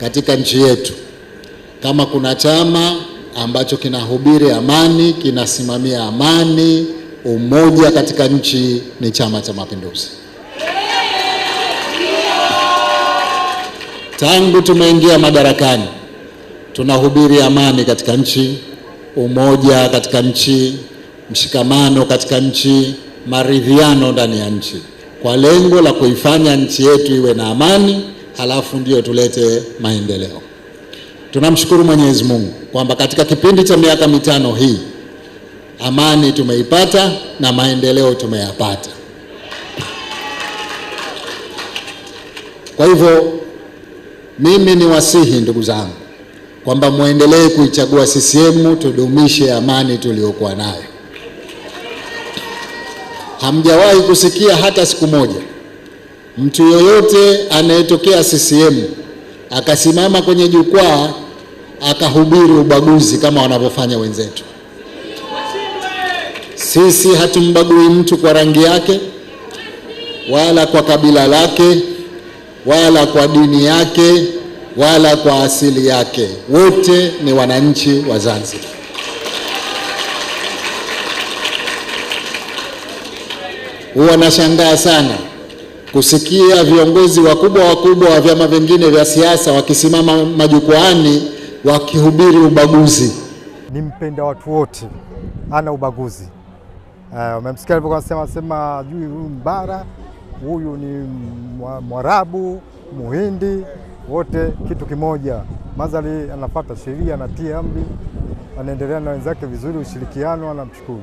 katika nchi yetu. Kama kuna chama ambacho kinahubiri amani, kinasimamia amani, umoja katika nchi, ni Chama cha Mapinduzi. Tangu tumeingia madarakani, tunahubiri amani katika nchi, umoja katika nchi, mshikamano katika nchi, maridhiano ndani ya nchi, kwa lengo la kuifanya nchi yetu iwe na amani halafu ndio tulete maendeleo. Tunamshukuru Mwenyezi Mungu kwamba katika kipindi cha miaka mitano hii amani tumeipata na maendeleo tumeyapata. Kwa hivyo mimi ni wasihi ndugu zangu kwamba mwendelee kuichagua CCM, tudumishe amani tuliyokuwa nayo. Hamjawahi kusikia hata siku moja Mtu yoyote anayetokea CCM akasimama kwenye jukwaa akahubiri ubaguzi kama wanavyofanya wenzetu, sisi hatumbagui mtu kwa rangi yake wala kwa kabila lake wala kwa dini yake wala kwa asili yake, wote ni wananchi wa Zanzibar. Huwa nashangaa sana kusikia viongozi wakubwa wakubwa wa vyama vingine vya siasa wakisimama majukwaani wakihubiri ubaguzi. Ni mpenda watu wote, ana ubaguzi. Eh, umemsikia uh, anasema sema juu huyu mbara huyu ni Mwarabu, Muhindi, wote kitu kimoja. Mazali anafata sheria, anatia amri, anaendelea na wenzake vizuri, ushirikiano, anamshukuru.